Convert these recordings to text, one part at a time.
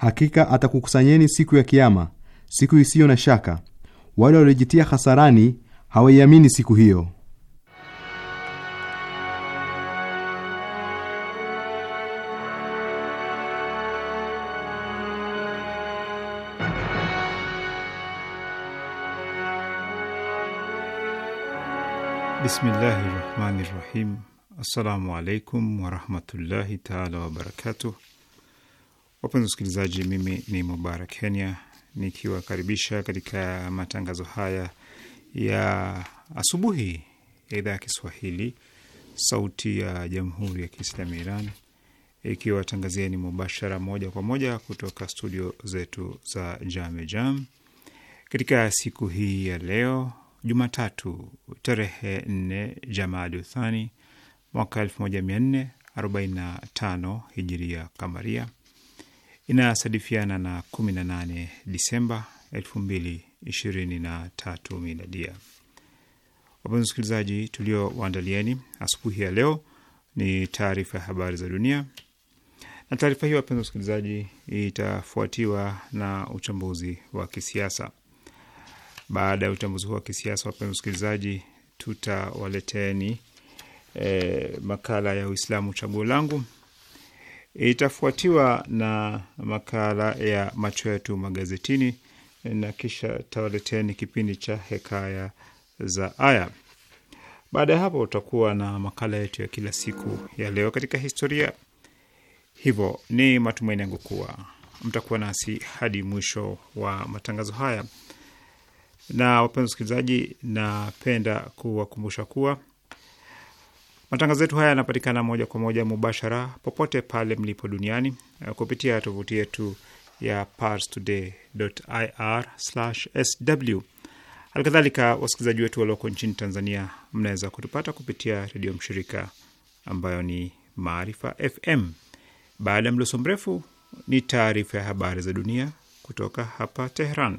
Hakika atakukusanyeni siku ya Kiama, siku isiyo na shaka. Wale waliojitia hasarani hawaiamini siku hiyo. Bismillahi rahmani rahim. Assalamu alaikum warahmatullahi taala wabarakatuh. Wapenzi wasikilizaji, mimi ni Mubarak Kenya nikiwakaribisha katika matangazo haya ya asubuhi ya idhaa ya Kiswahili Sauti ya Jamhuri ya Kiislamu ya Iran ikiwatangazia ni mubashara moja kwa moja kutoka studio zetu za Jame Jam katika siku hii ya leo Jumatatu tarehe nne Jamadi Uthani mwaka tano hijiria kamaria inasadifiana na 18 Disemba 2023 miladia. Wapenzi wasikilizaji, tuliowaandalieni asubuhi ya leo ni taarifa ya habari za dunia, na taarifa hiyo wapenzi wasikilizaji, itafuatiwa na uchambuzi wa kisiasa. Baada ya uchambuzi huo wa kisiasa, wapenzi wasikilizaji, tutawaleteni e, makala ya Uislamu chaguo langu itafuatiwa na makala ya macho yetu magazetini na kisha tawaleteni kipindi cha hekaya za aya. Baada ya hapo, utakuwa na makala yetu ya kila siku ya leo katika historia. Hivyo ni matumaini yangu kuwa mtakuwa nasi hadi mwisho wa matangazo haya. Na wapenzi wasikilizaji, napenda kuwakumbusha kuwa Matangazo yetu haya yanapatikana moja kwa moja mubashara popote pale mlipo duniani eh, kupitia tovuti yetu ya parstoday.ir/sw. Halikadhalika, wasikilizaji wetu walioko nchini Tanzania mnaweza kutupata kupitia redio mshirika ambayo ni Maarifa FM. Baada ya mloso mrefu, ni taarifa ya habari za dunia kutoka hapa Tehran.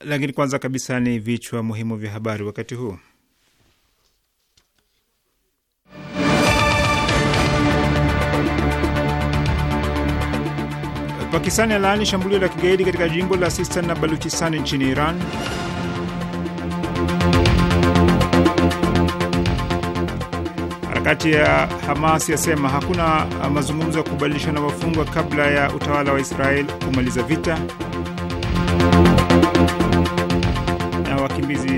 Lakini kwanza kabisa ni vichwa muhimu vya habari wakati huu. Pakistani alaani shambulio la kigaidi katika jimbo la Sistan na Baluchistan nchini Iran. Harakati ya Hamas yasema hakuna mazungumzo ya kubadilishana wafungwa kabla ya utawala wa Israel kumaliza vita.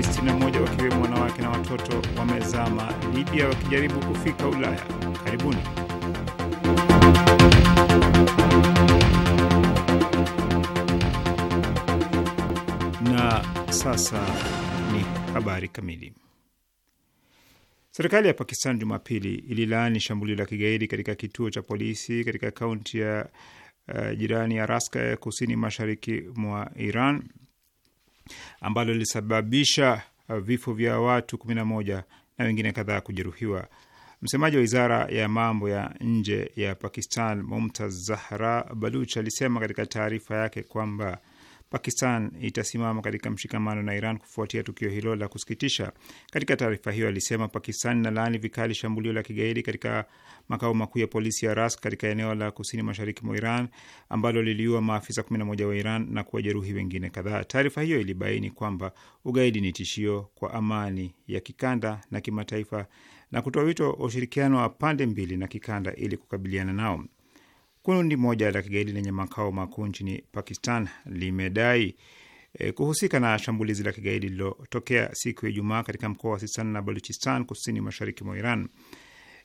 Wapalestina 61 wakiwemo wanawake na watoto wamezama Libya wakijaribu kufika Ulaya. Karibuni. Na sasa ni habari kamili. Serikali ya Pakistan Jumapili ililaani shambulio la kigaidi katika kituo cha polisi katika kaunti ya uh, jirani ya Raska ya kusini mashariki mwa Iran ambalo lilisababisha uh, vifo vya watu 11 na wengine kadhaa kujeruhiwa. Msemaji wa wizara ya mambo ya nje ya Pakistan Mumtaz Zahra Baluch alisema katika taarifa yake kwamba Pakistan itasimama katika mshikamano na Iran kufuatia tukio hilo la kusikitisha. Katika taarifa hiyo alisema Pakistan inalaani vikali shambulio la kigaidi katika makao makuu ya polisi ya Ras katika eneo la kusini mashariki mwa Iran ambalo liliua maafisa 11 wa Iran na kuwajeruhi wengine kadhaa. Taarifa hiyo ilibaini kwamba ugaidi ni tishio kwa amani ya kikanda na kimataifa na kutoa wito wa ushirikiano wa pande mbili na kikanda ili kukabiliana nao. Kundi moja la kigaidi lenye makao makuu nchini Pakistan limedai e, kuhusika na shambulizi la kigaidi lililotokea siku ya Ijumaa katika mkoa wa Sistan na Baluchistan kusini mashariki mwa Iran.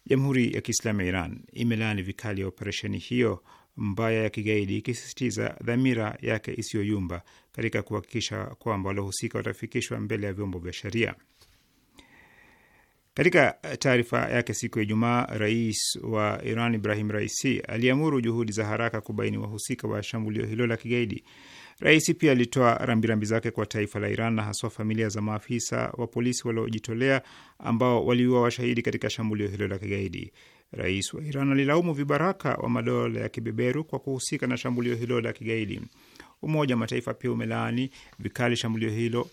Jamhuri ya Kiislamu ya Iran imelaani vikali ya operesheni hiyo mbaya ya kigaidi ikisisitiza dhamira yake isiyoyumba katika kuhakikisha kwamba waliohusika watafikishwa mbele ya vyombo vya sheria. Katika taarifa yake siku ya Ijumaa, rais wa Iran Ibrahim Raisi aliamuru juhudi za haraka kubaini wahusika wa shambulio hilo la kigaidi. Raisi pia alitoa rambirambi zake kwa taifa la Iran na haswa familia za maafisa wa polisi waliojitolea ambao waliua washahidi katika shambulio hilo la kigaidi. Rais wa Iran alilaumu vibaraka wa madola ya kibeberu kwa kuhusika na shambulio hilo la kigaidi. Umoja wa Mataifa pia umelaani vikali shambulio hilo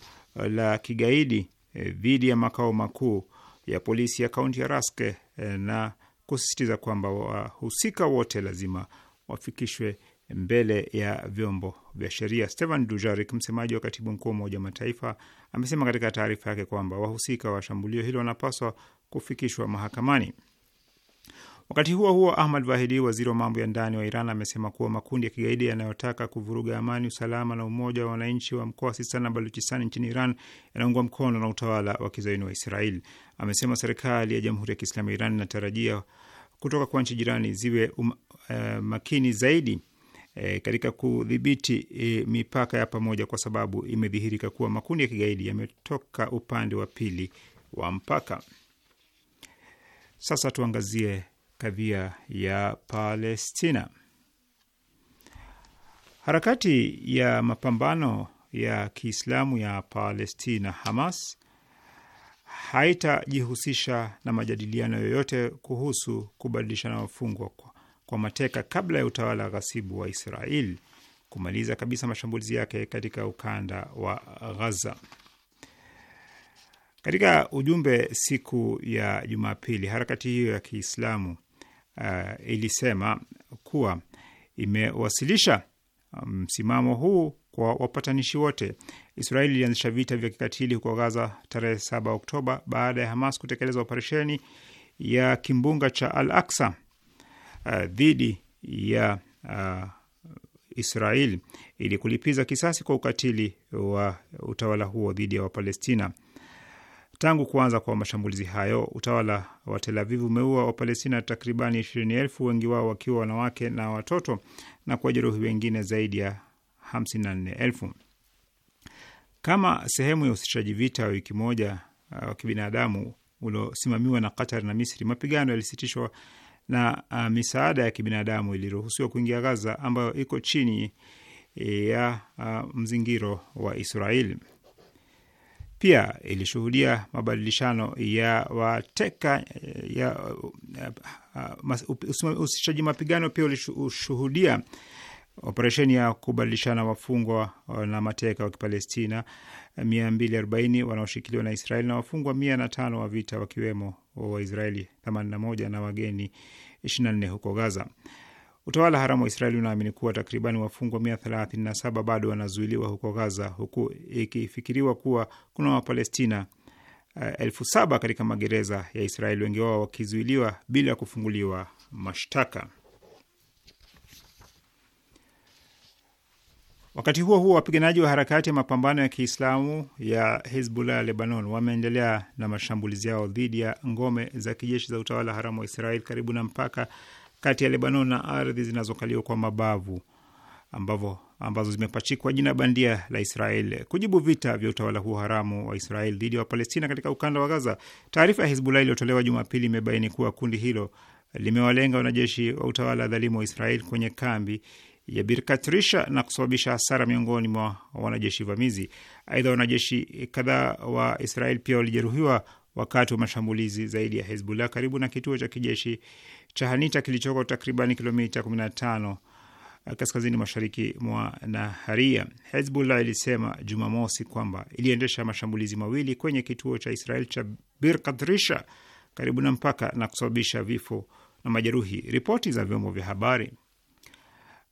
la kigaidi eh, dhidi ya makao makuu ya polisi ya kaunti ya Rask eh, na kusisitiza kwamba wahusika wote lazima wafikishwe mbele ya vyombo vya sheria. stehan dujarik msemaji wa katibu mkuu wa Umoja Mataifa, amesema katika taarifa yake kwamba wahusika wa shambulio hilo wanapaswa kufikishwa mahakamani. Wakati huo huo, Ahmad Vahidi, waziri wa mambo ya ndani wa Iran, amesema kuwa makundi ya kigaidi yanayotaka kuvuruga amani, usalama na umoja wa wananchi wa mkoa wa Sistan na Baluchistan nchini Iran yanaungwa mkono na utawala wa kizaini wa Israel. Amesema serikali ya Jamhuri ya Kiislamu ya Iran inatarajia kutoka kwa nchi jirani ziwe um, uh, makini zaidi E, katika kudhibiti e, mipaka ya pamoja kwa sababu imedhihirika kuwa makundi ya kigaidi yametoka upande wa pili wa mpaka. Sasa tuangazie kadhia ya Palestina. Harakati ya mapambano ya Kiislamu ya Palestina, Hamas, haitajihusisha na majadiliano yoyote kuhusu kubadilishana wafungwa kwa, kwa mateka kabla ya utawala ghasibu wa Israel kumaliza kabisa mashambulizi yake katika ukanda wa Gaza. Katika ujumbe siku ya Jumapili, harakati hiyo ya Kiislamu uh, ilisema kuwa imewasilisha um, msimamo um, huu kwa wapatanishi wote. Israeli ilianzisha vita vya kikatili huko Gaza tarehe 7 Oktoba baada ya Hamas kutekeleza operesheni ya kimbunga cha Al Aksa uh, dhidi ya uh, Israel ili kulipiza kisasi kwa ukatili wa utawala huo dhidi ya Wapalestina. Tangu kuanza kwa mashambulizi hayo, utawala wa Tel Aviv umeua Wapalestina takribani ishirini elfu, wengi wao wakiwa wanawake na watoto na kuwajeruhi wengine zaidi ya hamsini na nne elfu. Kama sehemu ya usitishaji vita wa wiki moja uh, wa kibinadamu uliosimamiwa na Qatar na Misri, mapigano yalisitishwa na uh, misaada ya kibinadamu iliruhusiwa kuingia Gaza ambayo iko chini eh, ya uh, mzingiro wa Israeli pia ilishuhudia mabadilishano ya wateka ya usitishaji mapigano. Pia ulishuhudia operesheni ya kubadilishana wafungwa na mateka wa Kipalestina 240 wanaoshikiliwa na Israeli na wafungwa 105 wa vita wakiwemo Waisraeli 81 na wageni 24 huko Gaza. Utawala haramu wa Israeli unaamini kuwa takribani wafungwa 137 bado wanazuiliwa huko Gaza, huku ikifikiriwa kuwa kuna Wapalestina eh, elfu saba katika magereza ya Israeli, wengi wao wakizuiliwa bila kufunguliwa mashtaka. Wakati huo huo, wapiganaji wa harakati ya mapambano ya Kiislamu ya Hezbollah ya Lebanon wameendelea na mashambulizi yao dhidi ya ngome za kijeshi za utawala haramu wa Israeli karibu na mpaka kati ya Lebanon na ardhi zinazokaliwa kwa mabavu ambavo, ambazo zimepachikwa jina bandia la Israel kujibu vita vya utawala huo haramu wa Israel dhidi ya Wapalestina katika ukanda wa Gaza. Taarifa ya Hizbullah iliyotolewa Jumapili imebaini kuwa kundi hilo limewalenga wanajeshi wa utawala dhalimu wa Israel kwenye kambi ya Birkatrisha na kusababisha hasara miongoni mwa wanajeshi vamizi. Aidha, wanajeshi kadhaa wa Israel pia walijeruhiwa wakati wa mashambulizi zaidi ya Hezbollah karibu na kituo cha kijeshi cha Hanita kilichoko takribani kilomita 15 eh, kaskazini mashariki mwa Naharia. Hezbullah ilisema Jumamosi kwamba iliendesha mashambulizi mawili kwenye kituo cha Israel cha Bir Kadrisha karibu na mpaka na kusababisha vifo na majeruhi. Ripoti za vyombo vya habari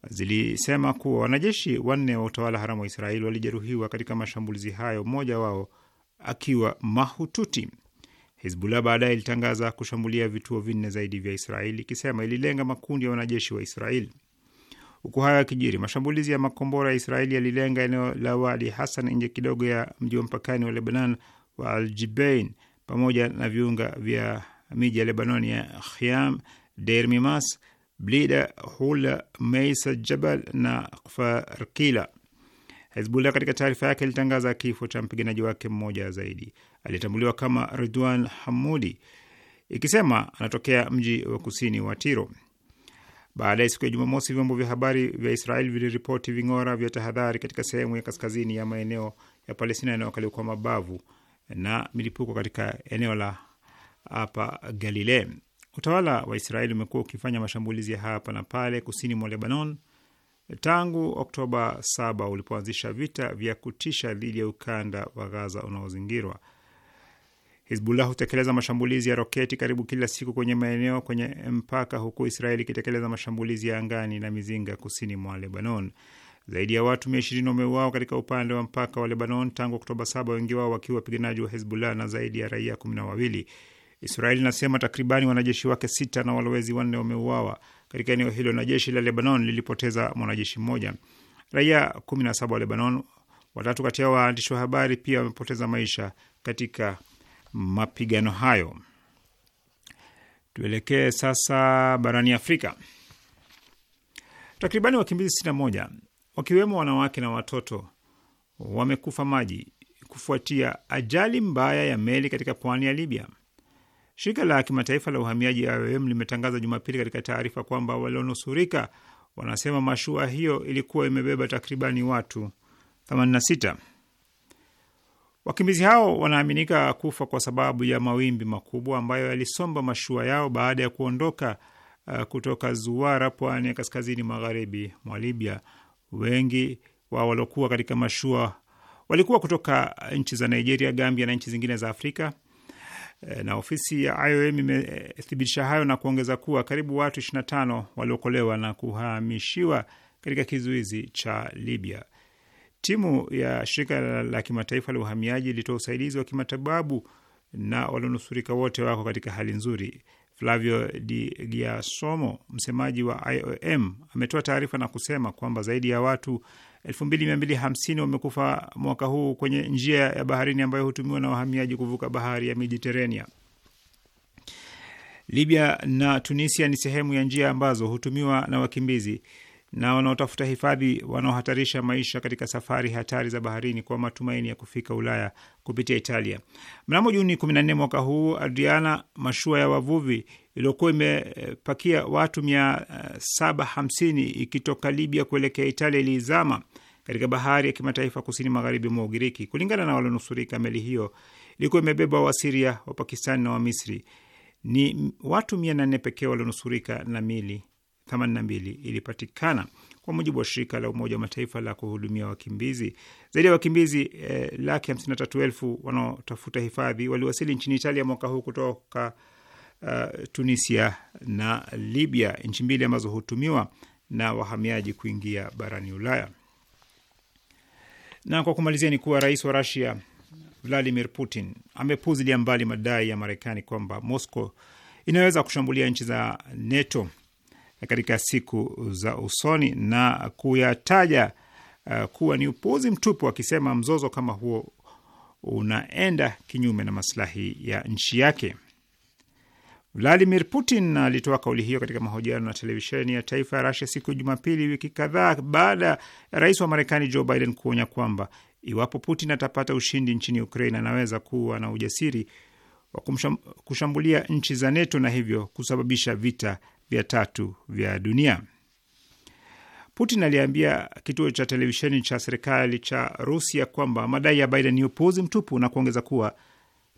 zilisema kuwa wanajeshi wanne wa utawala haramu wa israel walijeruhiwa katika mashambulizi hayo, mmoja wao akiwa mahututi. Hizbullah baadaye ilitangaza kushambulia vituo vinne zaidi vya Israel ikisema ililenga makundi ya wanajeshi wa Israel. Huku hayo yakijiri, mashambulizi ya makombora ya Israeli yalilenga eneo la Wadi Hassan nje kidogo ya mji wa mpakani wa Lebanon wa Aljibain pamoja na viunga vya miji ya Lebanon ya Khiam, Deir Mimas, Blida, Hula, Meisa, Jabal na Farkila. Hezbullah katika taarifa yake ilitangaza kifo cha mpiganaji wake mmoja zaidi aliyetambuliwa kama Ridwan Hamudi, ikisema anatokea mji wa kusini wa Tiro. baada ya siku ya Jumamosi, vyombo vya habari vya Israel viliripoti ving'ora vya tahadhari katika sehemu ya kaskazini ya maeneo ya Palestina yanayokaliwa kwa mabavu na milipuko katika eneo la hapa galile Utawala wa Israeli umekuwa ukifanya mashambulizi ya hapa na pale kusini mwa Lebanon tangu Oktoba 7 ulipoanzisha vita vya kutisha dhidi ya ukanda wa Gaza unaozingirwa. Hizbullah hutekeleza mashambulizi ya roketi karibu kila siku kwenye maeneo kwenye mpaka, huku Israeli ikitekeleza mashambulizi ya angani na mizinga kusini mwa Lebanon. Zaidi ya watu mia ishirini wameuawa katika upande wa mpaka wa Lebanon tangu Oktoba saba, wengi wao wakiwa wapiganaji wa Hezbollah na zaidi ya raia kumi na wawili. Israeli inasema takribani wanajeshi wake sita na walowezi wanne wameuawa katika eneo hilo, na jeshi la Lebanon lilipoteza mwanajeshi mmoja. Raia kumi na saba wa Lebanon, watatu kati yao waandishi wa habari, pia wamepoteza maisha katika mapigano hayo. Tuelekee sasa barani Afrika. Takribani wakimbizi 61 wakiwemo wanawake na watoto wamekufa maji kufuatia ajali mbaya ya meli katika pwani ya Libya. Shirika la kimataifa la uhamiaji IOM limetangaza Jumapili katika taarifa kwamba walionusurika wanasema mashua hiyo ilikuwa imebeba takribani watu 86. Wakimbizi hao wanaaminika kufa kwa sababu ya mawimbi makubwa ambayo yalisomba mashua yao baada ya kuondoka uh, kutoka Zuwara, pwani ya kaskazini magharibi mwa Libya. Wengi wao waliokuwa katika mashua walikuwa kutoka uh, nchi za Nigeria, Gambia na nchi zingine za Afrika. Uh, na ofisi ya IOM imethibitisha hayo na kuongeza kuwa karibu watu 25 waliokolewa na kuhamishiwa katika kizuizi cha Libya. Timu ya shirika la kimataifa la uhamiaji ilitoa usaidizi wa kimatibabu na walionusurika wote wako katika hali nzuri. Flavio Di giasomo msemaji wa IOM, ametoa taarifa na kusema kwamba zaidi ya watu 2250 wamekufa mwaka huu kwenye njia ya baharini ambayo hutumiwa na wahamiaji kuvuka bahari ya Mediterania. Libya na Tunisia ni sehemu ya njia ambazo hutumiwa na wakimbizi na wanaotafuta hifadhi wanaohatarisha maisha katika safari hatari za baharini kwa matumaini ya kufika Ulaya kupitia Italia. Mnamo Juni 14 mwaka huu, Adriana, mashua ya wavuvi iliyokuwa imepakia watu 750 eh, ikitoka Libya kuelekea Italia ilizama katika bahari ya kimataifa kusini magharibi mwa Ugiriki. Kulingana na walionusurika, meli hiyo ilikuwa imebeba Wasiria wa Pakistani na wamisri Ni watu 400 pekee walionusurika na mili 82 ilipatikana kwa mujibu wa shirika la Umoja wa Mataifa la kuhudumia wakimbizi. Zaidi ya wakimbizi eh, laki 53 elfu wanaotafuta hifadhi waliwasili nchini Italia mwaka huu kutoka uh, Tunisia na Libya, nchi mbili ambazo hutumiwa na wahamiaji kuingia barani Ulaya. Na kwa kumalizia ni kuwa rais wa Rusia Vladimir Putin amepuzilia mbali madai ya Marekani kwamba Moscow inaweza kushambulia nchi za NATO katika siku za usoni na kuyataja uh, kuwa ni upuuzi mtupu, akisema mzozo kama huo unaenda kinyume na maslahi ya nchi yake. Vladimir Putin alitoa kauli hiyo katika mahojiano na televisheni ya taifa ya Rasia siku ya Jumapili, wiki kadhaa baada ya rais wa Marekani Joe Biden kuonya kwamba iwapo Putin atapata ushindi nchini Ukraine anaweza kuwa na ujasiri wa kushambulia nchi za NATO na hivyo kusababisha vita vya tatu vya dunia. Putin aliambia kituo cha televisheni cha serikali cha Rusia kwamba madai ya Biden ni upuuzi mtupu na kuongeza kuwa,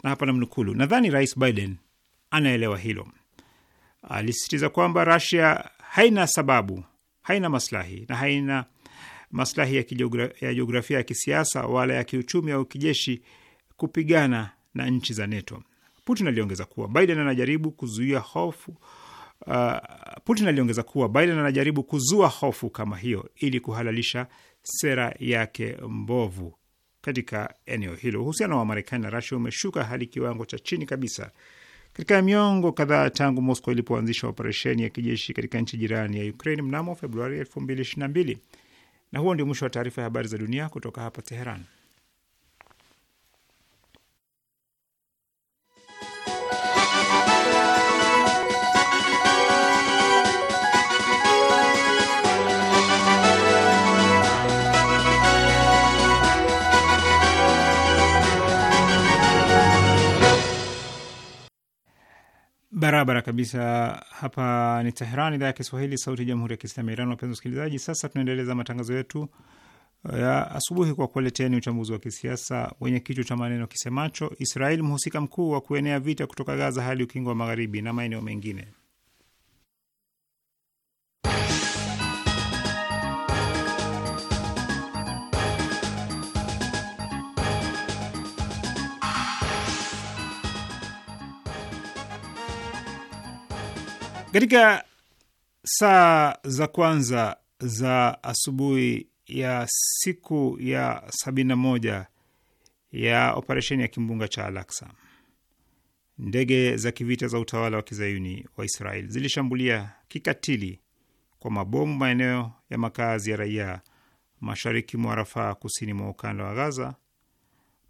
na hapa namnukulu, nadhani Rais Biden anaelewa hilo. Alisisitiza kwamba Rusia haina sababu, haina maslahi na haina maslahi ya jiografia ya, ya kisiasa wala ya kiuchumi au kijeshi kupigana na nchi za NATO. Putin aliongeza kuwa Biden anajaribu kuzuia hofu Uh, Putin aliongeza kuwa Biden anajaribu kuzua hofu kama hiyo ili kuhalalisha sera yake mbovu katika eneo hilo. Uhusiano wa Marekani na Rusia umeshuka hadi kiwango cha chini kabisa katika miongo kadhaa tangu Moscow ilipoanzisha operesheni ya kijeshi katika nchi jirani ya Ukraine mnamo Februari 2022. Na huo ndio mwisho wa taarifa ya habari za dunia kutoka hapa Teheran. Barabara kabisa. Hapa ni Teheran, idhaa ya Kiswahili, sauti ya jamhuri ya kiislamu ya Iran. Wapenzi wasikilizaji, sasa tunaendeleza matangazo yetu uh, ya asubuhi kwa kuleteni uchambuzi wa kisiasa wenye kichwa cha maneno kisemacho: Israeli mhusika mkuu wa kuenea vita kutoka Gaza hadi ukingo wa magharibi na maeneo mengine. Katika saa za kwanza za asubuhi ya siku ya sabini na moja ya operesheni ya kimbunga cha Alaksa, ndege za kivita za utawala wa kizayuni wa Israel zilishambulia kikatili kwa mabomu maeneo ya makazi ya raia mashariki mwa Rafaa, kusini mwa ukanda wa Gaza.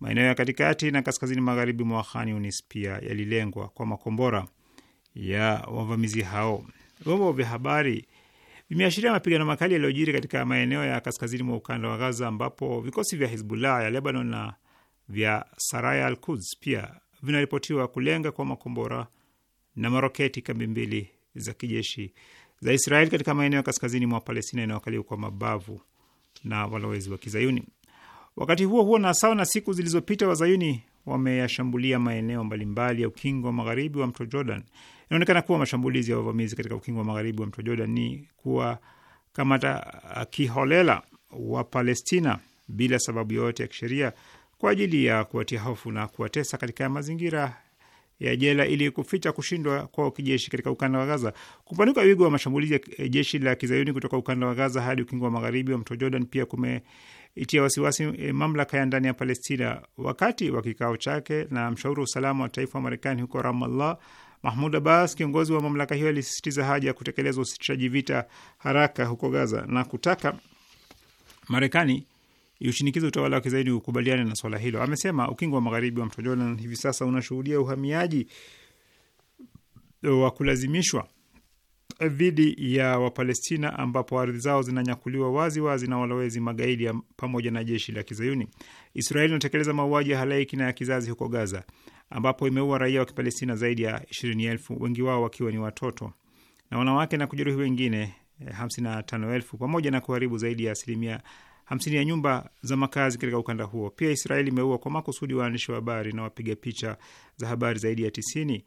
Maeneo ya katikati na kaskazini magharibi mwa Khan pia yalilengwa kwa makombora ya wavamizi hao. Vyombo vya habari vimeashiria mapigano makali yaliyojiri katika maeneo ya kaskazini mwa ukanda wa Gaza, ambapo vikosi vya Hizbullah ya Lebanon na vya Saraya al Quds pia vinaripotiwa kulenga kwa makombora na maroketi kambi mbili za kijeshi za Israeli katika maeneo ya kaskazini mwa Palestina inayokaliwa kwa mabavu na walowezi wa Kizayuni. Wakati huo huo, na sawa na siku zilizopita, Wazayuni wameyashambulia maeneo mbalimbali ya ukingo wa magharibi wa mto Jordan Inaonekana kuwa mashambulizi ya wavamizi katika ukingo wa magharibi wa mto Jordan ni kuwa kamata kiholela wa Palestina bila sababu yoyote ya kisheria kwa ajili ya kuwatia hofu na kuwatesa katika mazingira ya jela ili kuficha kushindwa kwao kijeshi katika ukanda wa Gaza. Kupanuka wigo wa mashambulizi ya jeshi la kizayuni kutoka ukanda wa Gaza hadi ukingo wa magharibi wa mto Jordan pia kumeitia wasiwasi e, mamlaka ya ndani ya Palestina. Wakati wa kikao chake na mshauri wa usalama wa taifa wa Marekani huko Ramallah, Mahmud Abbas, kiongozi wa mamlaka hiyo, alisisitiza haja ya kutekelezwa usitishaji vita haraka huko Gaza na kutaka Marekani iushinikize utawala wa kizaidi ukubaliane na swala hilo. Amesema ukingo wa magharibi wa mto Jordan hivi sasa unashuhudia uhamiaji wa kulazimishwa dhidi ya Wapalestina ambapo ardhi zao zinanyakuliwa wazi wazi na walowezi magaidi pamoja na jeshi la Kizayuni. Israeli inatekeleza mauaji ya halaiki na ya kizazi huko Gaza ambapo imeua raia wa Kipalestina zaidi ya ishirini elfu, wengi wao wakiwa ni watoto na wanawake na kujeruhi wengine eh, hamsini na tano elfu pamoja na kuharibu zaidi ya asilimia hamsini ya nyumba za makazi katika ukanda huo. Pia Israeli imeua kwa makusudi waandishi wa habari na wapiga picha za habari zaidi ya tisini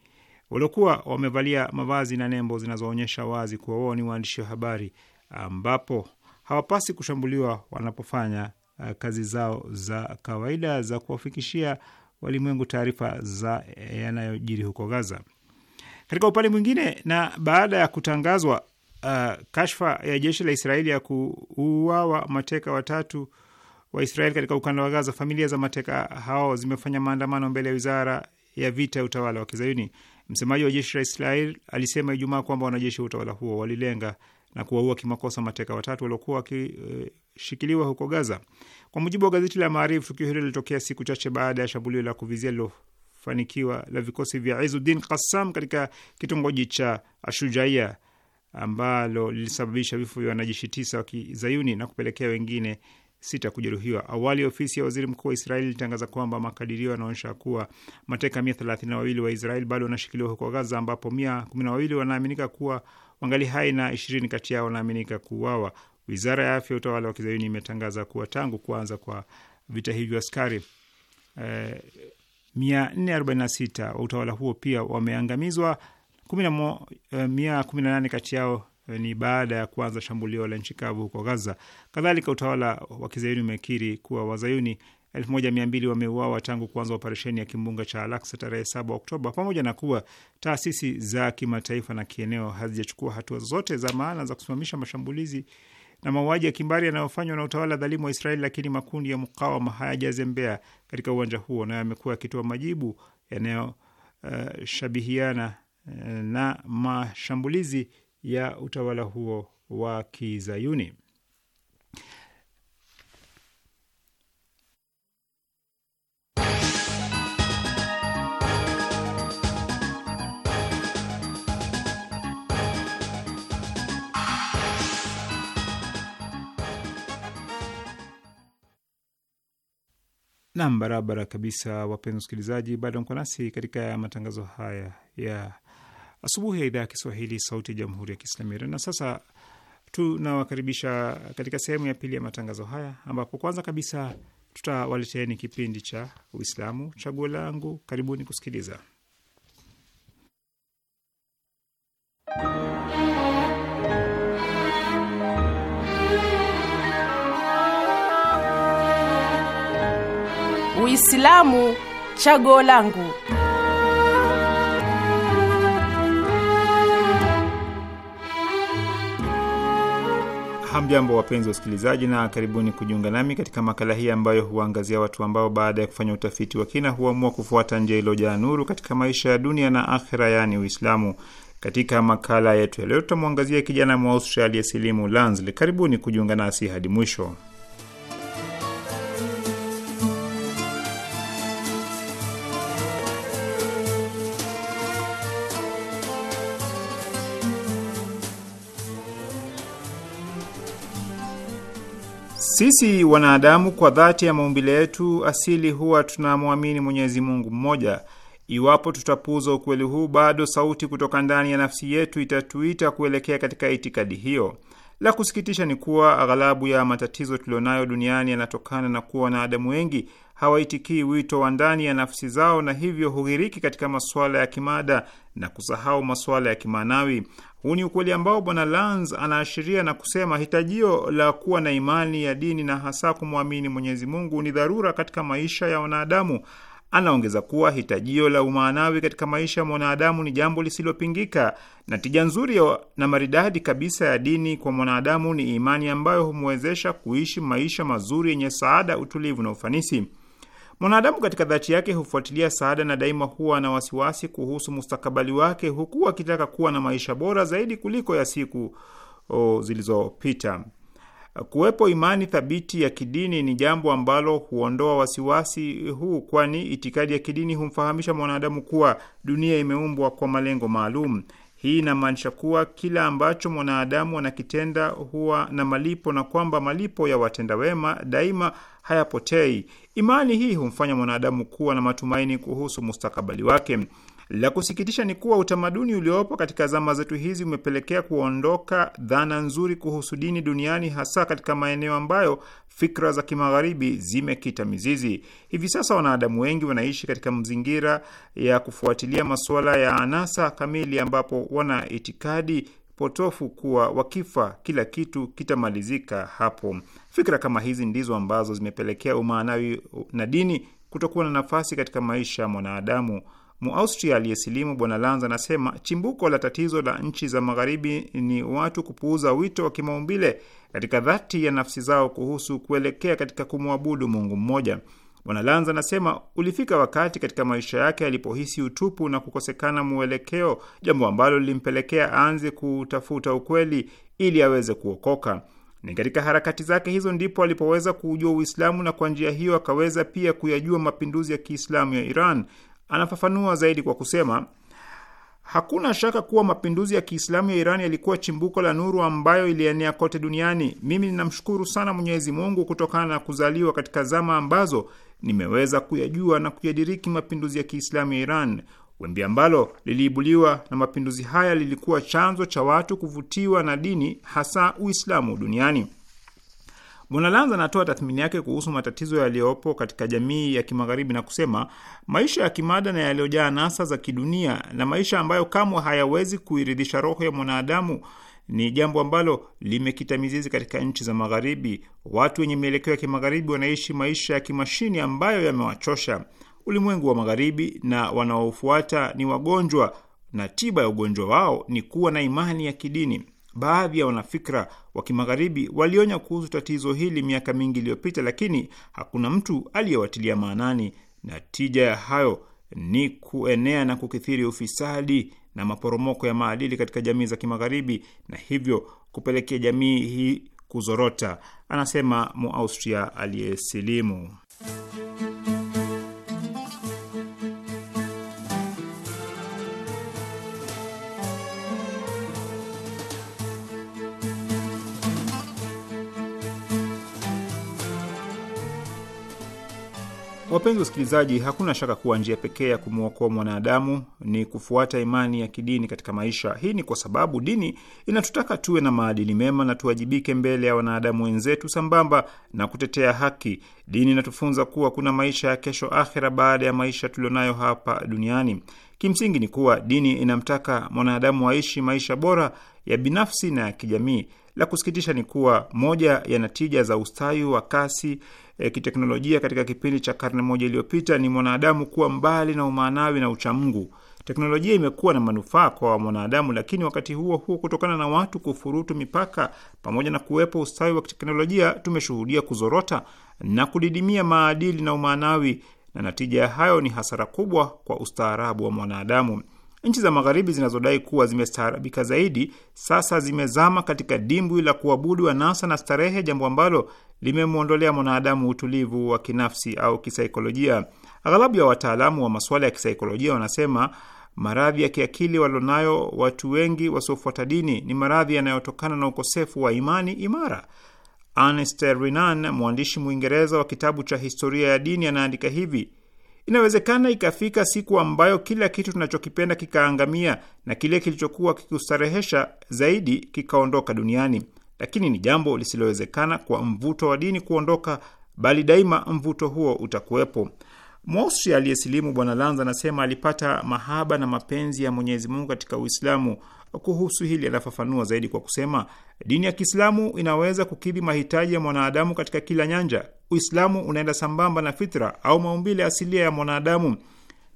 waliokuwa wamevalia mavazi na nembo zinazoonyesha wazi kuwa wao ni waandishi wa habari, ambapo hawapasi kushambuliwa wanapofanya eh, kazi zao za kawaida za kuwafikishia walimwengu taarifa za yanayojiri huko Gaza. Katika upande mwingine, na baada ya kutangazwa uh, kashfa ya jeshi la Israeli ya kuuawa mateka watatu wa Israeli katika ukanda wa Gaza, familia za mateka hao zimefanya maandamano mbele ya wizara ya vita ya utawala wa Kizayuni. Msemaji wa jeshi la Israeli alisema Ijumaa kwamba wanajeshi wa utawala huo walilenga na kuwaua kimakosa mateka watatu waliokuwa wakishikiliwa huko Gaza. Kwa mujibu wa gazeti la Maarifu, tukio hilo lilitokea siku chache baada ya shambulio la kuvizia lilofanikiwa la vikosi vya Izuddin Kassam katika kitongoji cha Ashujaia ambalo lilisababisha vifo vya wanajeshi tisa wa kizayuni na kupelekea wengine sita kujeruhiwa. Awali ofisi ya waziri mkuu wa Israeli ilitangaza kwamba makadirio yanaonyesha kuwa mateka mia thelathini na wawili wa Israel bado wanashikiliwa huko Gaza, ambapo mia kumi na wawili wanaaminika kuwa wangali hai na ishirini kati yao wanaaminika kuuawa. Wizara ya afya ya utawala wa kizayuni imetangaza kuwa tangu kuanza kwa vita hivyo askari eh, 446 wa utawala huo pia wameangamizwa, 118 eh, kati yao eh, ni baada ya kuanza shambulio la nchi kavu huko Gaza. Kadhalika, utawala wa kizayuni umekiri kuwa wazayuni 1200 wameuawa tangu kuanza operesheni ya kimbunga cha Al-Aqsa tarehe 7 Oktoba, pamoja na kuwa taasisi za kimataifa na kieneo hazijachukua hatua zote za maana za kusimamisha mashambulizi na mauaji ya kimbari yanayofanywa na utawala dhalimu wa Israeli, lakini makundi ya mukawama hayajazembea katika uwanja huo nayo yamekuwa yakitoa majibu yanayoshabihiana uh, uh, na mashambulizi ya utawala huo wa kizayuni. Nam, barabara kabisa, wapenzi wasikilizaji, bado mko nasi katika matangazo haya ya asubuhi ya idhaa ya Kiswahili, Sauti ya Jamhuri ya Kiislamu Iran. Na sasa tunawakaribisha katika sehemu ya pili ya matangazo haya, ambapo kwanza kabisa tutawaleteeni kipindi cha Uislamu Chaguo Langu. Karibuni kusikiliza. Uislamu chaguo langu. Hamjambo, wapenzi wa usikilizaji, na karibuni kujiunga nami katika makala hii ambayo huwaangazia watu ambao baada ya kufanya utafiti wa kina huamua kufuata njia iliyojaa nuru katika maisha ya dunia na akhira, yaani Uislamu. Katika makala yetu ya leo, tutamwangazia kijana Mwaustralia Silimu Lansley. Karibuni kujiunga nasi hadi mwisho. Sisi wanadamu kwa dhati ya maumbile yetu asili huwa tunamwamini Mwenyezi Mungu mmoja. Iwapo tutapuuza ukweli huu, bado sauti kutoka ndani ya nafsi yetu itatuita kuelekea katika itikadi hiyo. La kusikitisha ni kuwa aghalabu ya matatizo tulionayo duniani yanatokana na kuwa wanadamu wengi hawaitikii wito wa ndani ya nafsi zao, na hivyo hughiriki katika masuala ya kimada na kusahau masuala ya kimaanawi. Huu ni ukweli ambao bwana Lans anaashiria na kusema hitajio la kuwa na imani ya dini na hasa kumwamini Mwenyezi Mungu ni dharura katika maisha ya wanadamu. Anaongeza kuwa hitajio la umaanawi katika maisha ya mwanadamu ni jambo lisilopingika, na tija nzuri na maridadi kabisa ya dini kwa mwanadamu ni imani ambayo humwezesha kuishi maisha mazuri yenye saada, utulivu na ufanisi. Mwanadamu katika dhati yake hufuatilia saada na daima huwa na wasiwasi kuhusu mustakabali wake, huku akitaka kuwa na maisha bora zaidi kuliko ya siku zilizopita. Kuwepo imani thabiti ya kidini ni jambo ambalo huondoa wasiwasi huu, kwani itikadi ya kidini humfahamisha mwanadamu kuwa dunia imeumbwa kwa malengo maalum. Hii inamaanisha kuwa kila ambacho mwanadamu anakitenda huwa na malipo na kwamba malipo ya watenda wema daima hayapotei. Imani hii humfanya mwanadamu kuwa na matumaini kuhusu mustakabali wake. La kusikitisha ni kuwa utamaduni uliopo katika zama zetu hizi umepelekea kuondoka dhana nzuri kuhusu dini duniani, hasa katika maeneo ambayo fikra za kimagharibi zimekita mizizi. Hivi sasa wanadamu wengi wanaishi katika mazingira ya kufuatilia masuala ya anasa kamili, ambapo wana itikadi potofu kuwa wakifa kila kitu kitamalizika hapo. Fikra kama hizi ndizo ambazo zimepelekea umaanawi na dini kutokuwa na nafasi katika maisha ya mwanadamu. Muaustria aliyesilimu Bwana Lanz anasema chimbuko la tatizo la nchi za magharibi ni watu kupuuza wito wa kimaumbile katika dhati ya nafsi zao kuhusu kuelekea katika kumwabudu Mungu mmoja. Bwana Lanz anasema ulifika wakati katika maisha yake alipohisi utupu na kukosekana mwelekeo, jambo ambalo lilimpelekea aanze kutafuta ukweli ili aweze kuokoka. Ni katika harakati zake hizo ndipo alipoweza kuujua Uislamu na kwa njia hiyo akaweza pia kuyajua mapinduzi ya Kiislamu ya Iran. Anafafanua zaidi kwa kusema Hakuna shaka kuwa mapinduzi ya Kiislamu ya Iran yalikuwa chimbuko la nuru ambayo ilienea kote duniani. Mimi ninamshukuru sana Mwenyezi Mungu kutokana na kuzaliwa katika zama ambazo nimeweza kuyajua na kuyadiriki mapinduzi ya Kiislamu ya Iran. Wimbi ambalo liliibuliwa na mapinduzi haya lilikuwa chanzo cha watu kuvutiwa na dini, hasa Uislamu duniani. Bwana Lanza anatoa tathmini yake kuhusu matatizo yaliyopo katika jamii ya kimagharibi na kusema maisha ya kimada na yaliyojaa nasa za kidunia na maisha ambayo kamwe hayawezi kuiridhisha roho ya mwanadamu ni jambo ambalo limekita mizizi katika nchi za magharibi. Watu wenye mielekeo ya kimagharibi wanaishi maisha ya kimashini ambayo yamewachosha. Ulimwengu wa magharibi na wanaofuata ni wagonjwa, na tiba ya ugonjwa wao ni kuwa na imani ya kidini. Baadhi ya wanafikra wa kimagharibi walionya kuhusu tatizo hili miaka mingi iliyopita, lakini hakuna mtu aliyewatilia maanani, na tija ya hayo ni kuenea na kukithiri ufisadi na maporomoko ya maadili katika jamii za kimagharibi, na hivyo kupelekea jamii hii kuzorota, anasema Muaustria aliyesilimu. Wapenzi wasikilizaji, hakuna shaka kuwa njia pekee ya kumwokoa mwanadamu ni kufuata imani ya kidini katika maisha. Hii ni kwa sababu dini inatutaka tuwe na maadili mema na tuwajibike mbele ya wanadamu wenzetu, sambamba na kutetea haki. Dini inatufunza kuwa kuna maisha ya kesho, akhira baada ya maisha tulionayo hapa duniani. Kimsingi ni kuwa dini inamtaka mwanadamu aishi maisha bora ya binafsi na ya kijamii. La kusikitisha ni kuwa moja ya natija za ustawi wa kasi e, kiteknolojia katika kipindi cha karne moja iliyopita ni mwanadamu kuwa mbali na umaanawi na uchamungu. Teknolojia imekuwa na manufaa kwa mwanadamu, lakini wakati huo huo, kutokana na watu kufurutu mipaka, pamoja na kuwepo ustawi wa kiteknolojia, tumeshuhudia kuzorota na kudidimia maadili na umaanawi, na natija ya hayo ni hasara kubwa kwa ustaarabu wa mwanadamu. Nchi za Magharibi zinazodai kuwa zimestaarabika zaidi sasa zimezama katika dimbwi la kuabudu anasa na starehe, jambo ambalo limemwondolea mwanadamu utulivu wa kinafsi au kisaikolojia. Aghalabu ya wataalamu wa masuala ya kisaikolojia wanasema maradhi ya kiakili walionayo watu wengi wasiofuata dini ni maradhi yanayotokana na ukosefu wa imani imara. Ernest Renan, mwandishi Mwingereza wa kitabu cha historia ya dini, anaandika hivi: Inawezekana ikafika siku ambayo kila kitu tunachokipenda kikaangamia na kile kilichokuwa kikustarehesha zaidi kikaondoka duniani, lakini ni jambo lisilowezekana kwa mvuto wa dini kuondoka, bali daima mvuto huo utakuwepo. Mwaustria aliyesilimu Bwana Lanza anasema alipata mahaba na mapenzi ya Mwenyezi Mungu katika Uislamu kuhusu hili anafafanua zaidi kwa kusema, dini ya Kiislamu inaweza kukidhi mahitaji ya mwanadamu katika kila nyanja. Uislamu unaenda sambamba na fitra au maumbile asilia ya mwanadamu.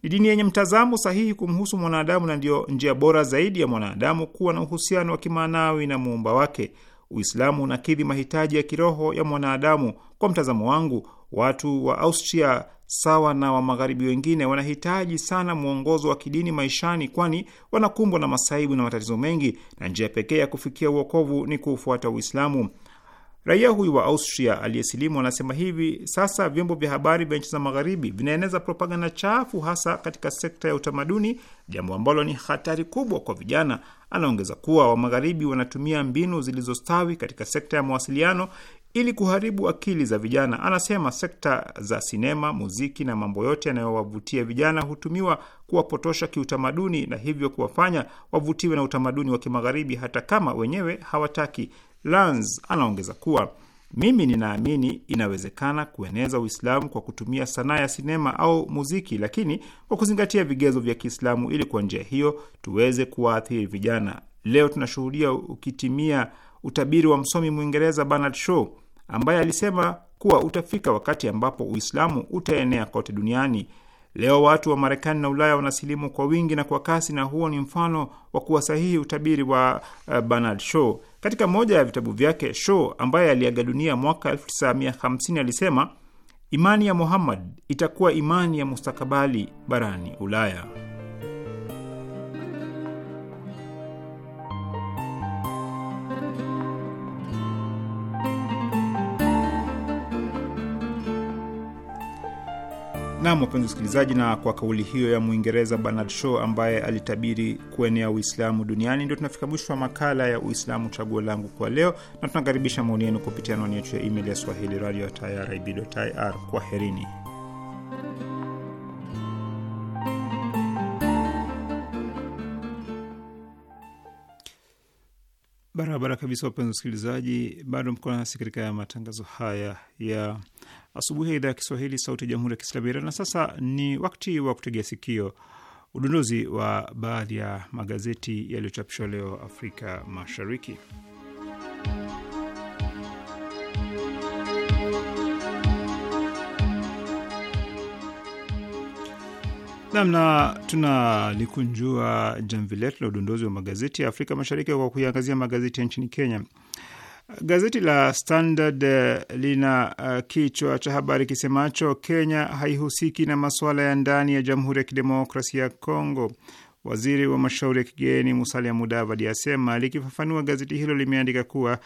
Ni dini yenye mtazamo sahihi kumhusu mwanadamu na ndiyo njia bora zaidi ya mwanadamu kuwa na uhusiano wa kimaanawi na muumba wake. Uislamu unakidhi mahitaji ya kiroho ya mwanadamu. Kwa mtazamo wangu, Watu wa Austria sawa na wa magharibi wengine wanahitaji sana mwongozo wa kidini maishani, kwani wanakumbwa na masaibu na matatizo mengi, na njia pekee ya kufikia uokovu ni kuufuata Uislamu. Raia huyu wa Austria aliyesilimu anasema hivi sasa vyombo vya habari vya nchi za magharibi vinaeneza propaganda chafu, hasa katika sekta ya utamaduni, jambo ambalo ni hatari kubwa kwa vijana. Anaongeza kuwa wa magharibi wanatumia mbinu zilizostawi katika sekta ya mawasiliano ili kuharibu akili za vijana. Anasema sekta za sinema, muziki na mambo yote yanayowavutia vijana hutumiwa kuwapotosha kiutamaduni na hivyo kuwafanya wavutiwe na utamaduni wa kimagharibi hata kama wenyewe hawataki. lans anaongeza kuwa mimi ninaamini inawezekana kueneza Uislamu kwa kutumia sanaa ya sinema au muziki, lakini kwa kuzingatia vigezo vya Kiislamu ili kwa njia hiyo tuweze kuwaathiri vijana. Leo tunashuhudia ukitimia utabiri wa msomi Mwingereza Bernard Shaw ambaye alisema kuwa utafika wakati ambapo Uislamu utaenea kote duniani. Leo watu wa Marekani na Ulaya wanasilimu kwa wingi na kwa kasi, na huo ni mfano wa kuwa sahihi utabiri wa uh, Bernard Shaw. Katika moja ya vitabu vyake, Shaw ambaye aliaga dunia mwaka 1950 alisema imani ya Muhammad itakuwa imani ya mustakabali barani Ulaya. Naam, wapenzi wasikilizaji, na kwa kauli hiyo ya Mwingereza Bernard Shaw ambaye alitabiri kuenea Uislamu duniani, ndio tunafika mwisho wa makala ya Uislamu Chaguo Langu kwa leo, na tunakaribisha maoni yenu kupitia anwani yetu ya email ya swahili radio irib.ir. Kwaherini. Barabara kabisa, wapenzi wasikilizaji, bado mko nasi katika matangazo haya ya asubuhi ya idhaa ya Kiswahili sauti ya jamhuri ya kiislamu Iran. Na sasa ni wakati wa kutegea sikio udunduzi wa baadhi ya magazeti yaliyochapishwa leo Afrika Mashariki. Namna tunalikunjua jamvi letu la udondozi wa magazeti ya Afrika Mashariki kwa kuiangazia magazeti ya nchini Kenya. Gazeti la Standard eh, lina uh, kichwa cha habari kisemacho Kenya haihusiki na masuala ya ndani ya Jamhuri ya Kidemokrasia ya Kongo. Waziri wa mashauri ya kigeni Musalia Mudavadi asema. Likifafanua, gazeti hilo limeandika kuwa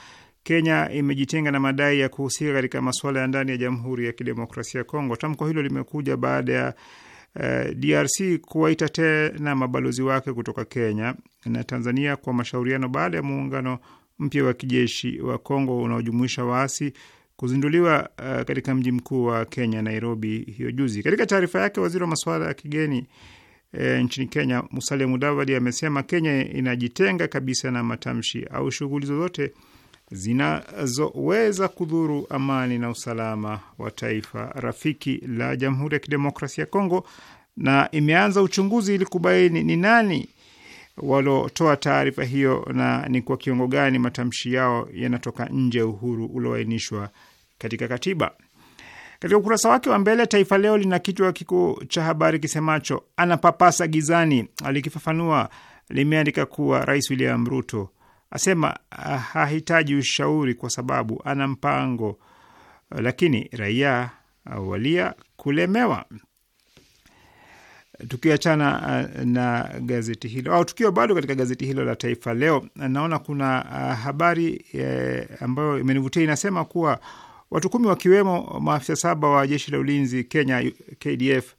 Kenya imejitenga na madai ya kuhusika katika masuala ya ndani ya Jamhuri ya Kidemokrasia ya Kongo. Tamko hilo limekuja baada ya uh, eh, DRC kuwaita tena mabalozi wake kutoka Kenya na Tanzania kwa mashauriano baada ya muungano mpya wa kijeshi wa Kongo unaojumuisha waasi kuzinduliwa uh, katika mji mkuu wa Kenya Nairobi hiyo juzi. Katika taarifa yake, waziri wa masuala ya kigeni e, nchini Kenya Musalia Mudavadi amesema Kenya inajitenga kabisa na matamshi au shughuli zozote zinazoweza kudhuru amani na usalama wa taifa rafiki la Jamhuri ya Kidemokrasia ya Kongo na imeanza uchunguzi ili kubaini ni nani walotoa taarifa hiyo na ni kwa kiwango gani matamshi yao yanatoka nje ya uhuru ulioainishwa katika katiba. Katika ukurasa wake wa mbele, Taifa Leo lina kichwa kikuu cha habari kisemacho anapapasa gizani. Alikifafanua, limeandika kuwa Rais William Ruto asema ah, hahitaji ushauri kwa sababu ana mpango, lakini raia walia kulemewa. Tukiachana uh, na gazeti hilo au tukiwa bado katika gazeti hilo la Taifa Leo, naona kuna uh, habari eh, ambayo imenivutia inasema kuwa watu kumi wakiwemo maafisa saba wa jeshi la ulinzi Kenya KDF,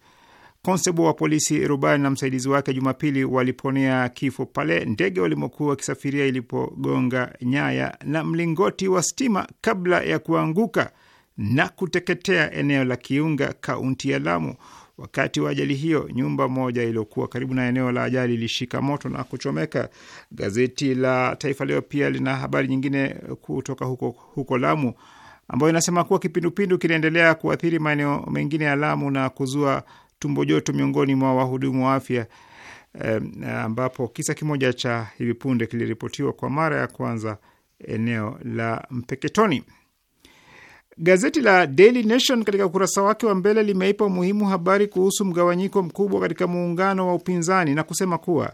konsebo wa polisi, rubani na msaidizi wake Jumapili waliponea kifo pale ndege walimokuwa wakisafiria ilipogonga nyaya na mlingoti wa stima kabla ya kuanguka na kuteketea eneo la Kiunga, kaunti ya Lamu. Wakati wa ajali hiyo, nyumba moja iliyokuwa karibu na eneo la ajali ilishika moto na kuchomeka. Gazeti la Taifa Leo pia lina habari nyingine kutoka huko, huko Lamu ambayo inasema kuwa kipindupindu kinaendelea kuathiri maeneo mengine ya Lamu na kuzua tumbo joto miongoni mwa wahudumu wa afya ambapo kisa kimoja cha hivi punde kiliripotiwa kwa mara ya kwanza eneo la Mpeketoni. Gazeti la Daily Nation katika ukurasa wake wa mbele limeipa umuhimu habari kuhusu mgawanyiko mkubwa katika muungano wa upinzani na kusema kuwa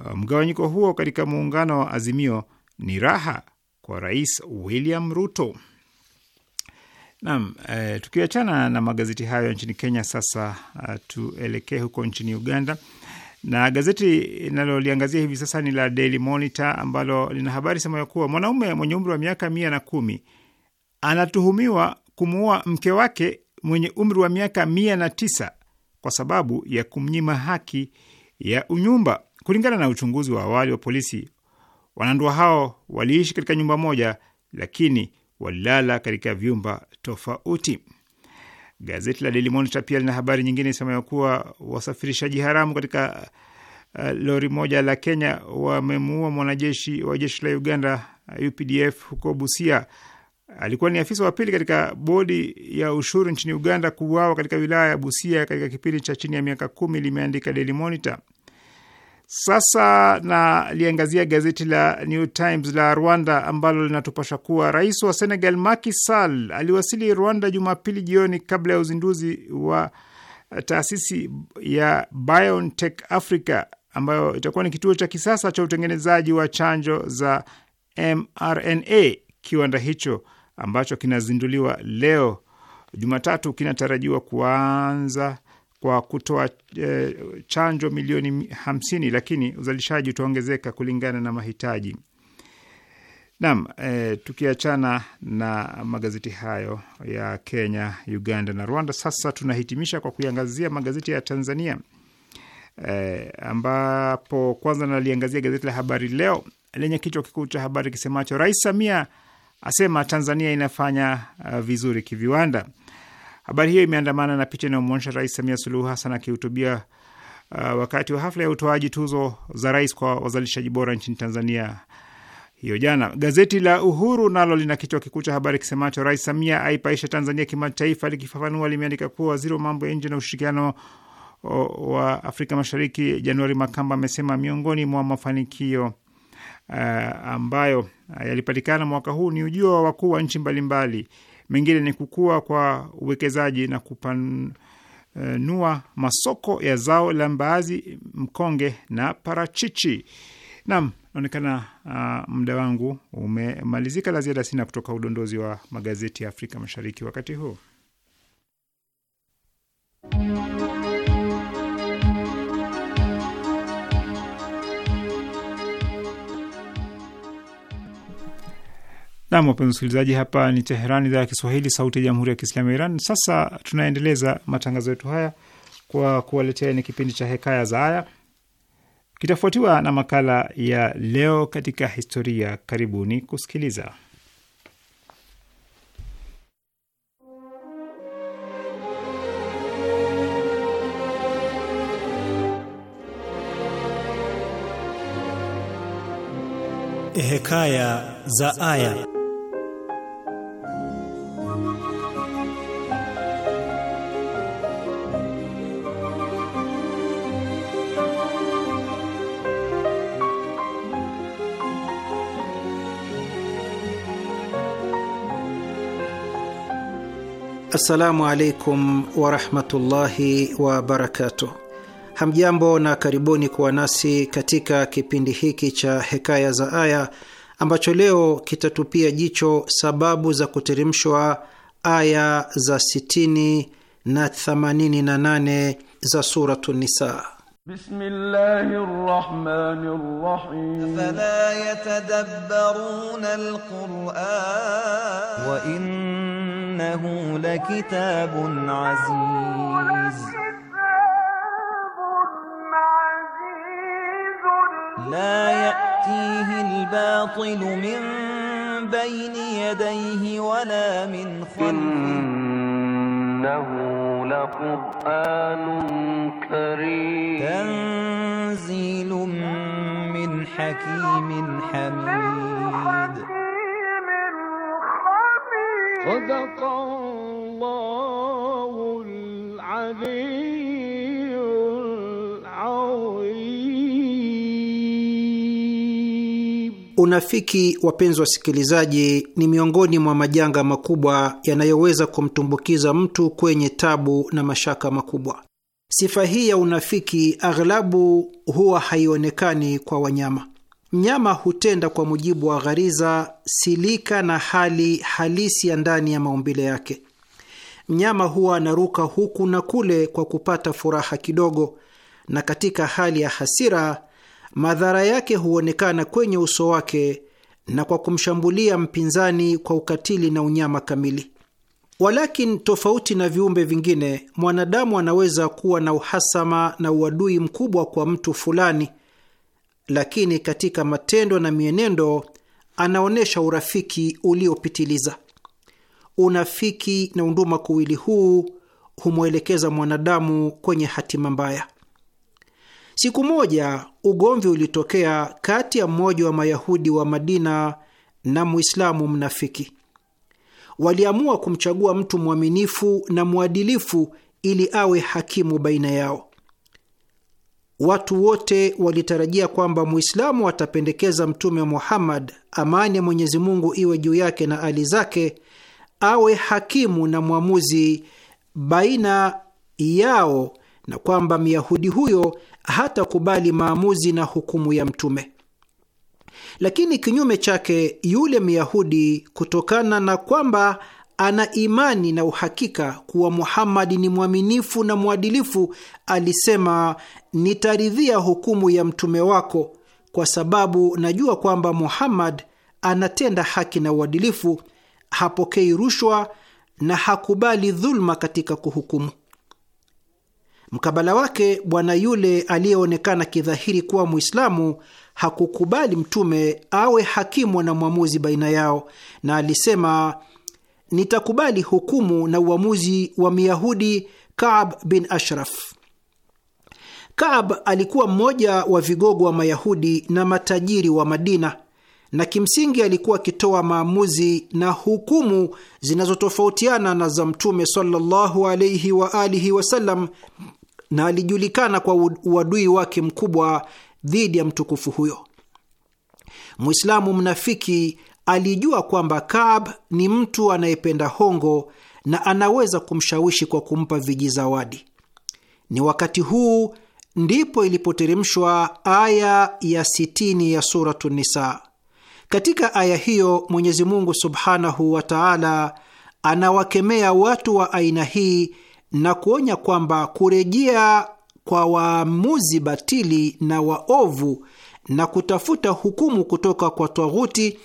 uh, mgawanyiko huo katika muungano wa Azimio ni raha kwa Rais William Ruto. Naam, e, tukiachana na magazeti hayo nchini Kenya, sasa uh, tuelekee huko nchini Uganda na gazeti linaloliangazia hivi sasa ni la Daily Monitor ambalo lina habari ya kuwa mwanaume mwenye umri wa miaka mia na kumi anatuhumiwa kumuua mke wake mwenye umri wa miaka mia na tisa kwa sababu ya kumnyima haki ya unyumba. Kulingana na uchunguzi wa awali wa polisi, wanandoa hao waliishi katika nyumba moja, lakini walilala katika vyumba tofauti. Gazeti la Daily Monitor pia lina habari nyingine isemayo kuwa wasafirishaji haramu katika uh, lori moja la Kenya wamemuua mwanajeshi wa jeshi la Uganda UPDF uh, huko Busia alikuwa ni afisa wa pili katika bodi ya ushuru nchini Uganda kuuawa katika wilaya ya Busia katika kipindi cha chini ya miaka kumi, limeandika Daily Monitor. Sasa na liangazia gazeti la New Times la Rwanda ambalo linatupasha kuwa rais wa Senegal Macky Sall aliwasili Rwanda Jumapili jioni kabla ya uzinduzi wa taasisi ya BioNTech Africa ambayo itakuwa ni kituo cha kisasa cha utengenezaji wa chanjo za mRNA. Kiwanda hicho ambacho kinazinduliwa leo Jumatatu kinatarajiwa kuanza kwa kutoa e, chanjo milioni hamsini, lakini uzalishaji utaongezeka kulingana na mahitaji. Naam, e, tukiachana na magazeti hayo ya Kenya, Uganda na Rwanda, sasa tunahitimisha kwa kuiangazia magazeti ya Tanzania e, ambapo kwanza naliangazia gazeti la Habari Leo lenye kichwa kikuu cha habari kisemacho Rais Samia asema Tanzania inafanya uh, vizuri kiviwanda. Habari hiyo imeandamana na picha inayomwonyesha Rais Samia Suluhu Hassan akihutubia uh, wakati wa hafla ya utoaji tuzo za rais kwa wazalishaji bora nchini Tanzania hiyo jana. Gazeti la Uhuru nalo lina kichwa kikuu cha habari kisemacho Rais Samia aipaisha Tanzania kimataifa. Likifafanua, limeandika kuwa waziri wa mambo ya nje na ushirikiano uh, wa Afrika Mashariki Januari Makamba amesema miongoni mwa mafanikio uh, ambayo eh, yalipatikana mwaka huu ni ujio wa wakuu wa nchi mbalimbali. Mengine ni kukua kwa uwekezaji na kupanua masoko ya zao la mbaazi, mkonge na parachichi. Naam, naonekana uh, muda wangu umemalizika. La ziada sina kutoka udondozi wa magazeti ya Afrika Mashariki wakati huu. Nam, wapenzi msikilizaji, hapa ni Teherani, idhaa ya Kiswahili, sauti ya jamhuri ya kiislamu ya Iran. Sasa tunaendeleza matangazo yetu haya kwa kuwaletea ni kipindi cha Hekaya za Aya, kitafuatiwa na makala ya Leo katika Historia. Karibuni kusikiliza. Hekaya za Aya. Assalamu alaikum warahmatullahi wabarakatuh. Hamjambo na karibuni kuwa nasi katika kipindi hiki cha Hekaya za Aya ambacho leo kitatupia jicho sababu za kuteremshwa aya za 60 na 88 za Suratu Nisa. Bismillahi rahim. yatadabbaruna wa in إنه لكتاب عزيز لا يأتيه الباطل من بين يديه ولا من خلفه إنه لقرآن كريم تنزيل من حكيم حميد Unafiki, wapenzi wasikilizaji, ni miongoni mwa majanga makubwa yanayoweza kumtumbukiza mtu kwenye tabu na mashaka makubwa. Sifa hii ya unafiki aghlabu huwa haionekani kwa wanyama. Nyama hutenda kwa mujibu wa ghariza, silika na hali halisi ya ndani ya maumbile yake. Mnyama huwa anaruka huku na kule kwa kupata furaha kidogo, na katika hali ya hasira madhara yake huonekana kwenye uso wake na kwa kumshambulia mpinzani kwa ukatili na unyama kamili. Walakin, tofauti na viumbe vingine, mwanadamu anaweza kuwa na uhasama na uadui mkubwa kwa mtu fulani lakini katika matendo na mienendo anaonyesha urafiki uliopitiliza. Unafiki na unduma kuwili huu humwelekeza mwanadamu kwenye hatima mbaya. Siku moja ugomvi ulitokea kati ya mmoja wa Mayahudi wa Madina na Muislamu mnafiki. Waliamua kumchagua mtu mwaminifu na mwadilifu ili awe hakimu baina yao. Watu wote walitarajia kwamba Muislamu atapendekeza Mtume Muhammad, amani ya Mwenyezi Mungu iwe juu yake na ali zake, awe hakimu na mwamuzi baina yao na kwamba Myahudi huyo hatakubali maamuzi na hukumu ya Mtume. Lakini kinyume chake, yule Myahudi, kutokana na kwamba ana imani na uhakika kuwa muhamadi ni mwaminifu na mwadilifu, alisema nitaridhia hukumu ya mtume wako kwa sababu najua kwamba Muhammad anatenda haki na uadilifu, hapokei rushwa na hakubali dhuluma katika kuhukumu. Mkabala wake, bwana yule aliyeonekana kidhahiri kuwa Mwislamu hakukubali mtume awe hakimu na mwamuzi baina yao, na alisema nitakubali hukumu na uamuzi wa Myahudi Kaab bin Ashraf. Kaab alikuwa mmoja wa vigogo wa Mayahudi na matajiri wa Madina, na kimsingi alikuwa akitoa maamuzi na hukumu zinazotofautiana na za Mtume sallallahu alaihi wa alihi wasallam, na alijulikana kwa uadui wake mkubwa dhidi ya mtukufu huyo. Mwislamu mnafiki Alijua kwamba Kaab ni mtu anayependa hongo na anaweza kumshawishi kwa kumpa vijizawadi. Ni wakati huu ndipo ilipoteremshwa aya ya sitini ya Suratu Nisa. Katika aya hiyo Mwenyezi Mungu subhanahu wa taala anawakemea watu wa aina hii na kuonya kwamba kurejea kwa waamuzi batili na waovu na kutafuta hukumu kutoka kwa twaguti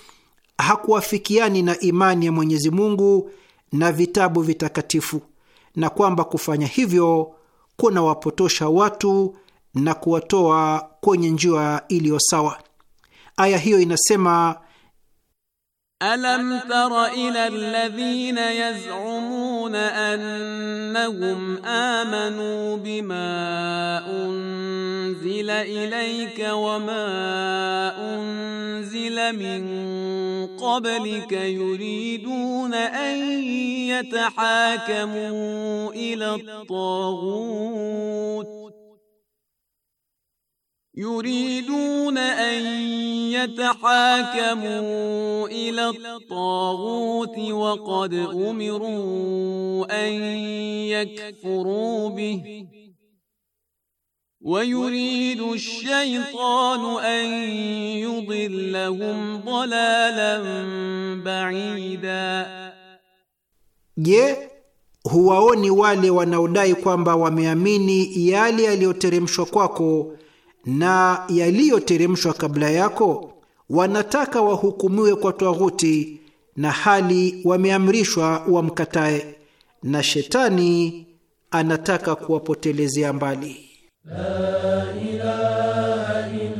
hakuafikiani na imani ya Mwenyezi Mungu na vitabu vitakatifu na kwamba kufanya hivyo kunawapotosha watu na kuwatoa kwenye njia iliyo sawa. Aya hiyo inasema ألم تر إلى الذين يزعمون أنهم آمنوا بما أنزل إليك وما أنزل من قبلك يريدون أن يتحاكموا إلى الطاغوت يريدون أن يتحاكموا إلى الطاغوت وقد أمروا أن يكفروا به ويريد الشيطان أن يضلهم ضلالا بعيدا Je, huwaoni wale wanaodai kwamba wameamini yale yaliyoteremshwa kwako na yaliyoteremshwa kabla yako wanataka wahukumiwe kwa tawaghuti na hali wameamrishwa wamkatae, na shetani anataka kuwapotelezea mbali La ilaha illa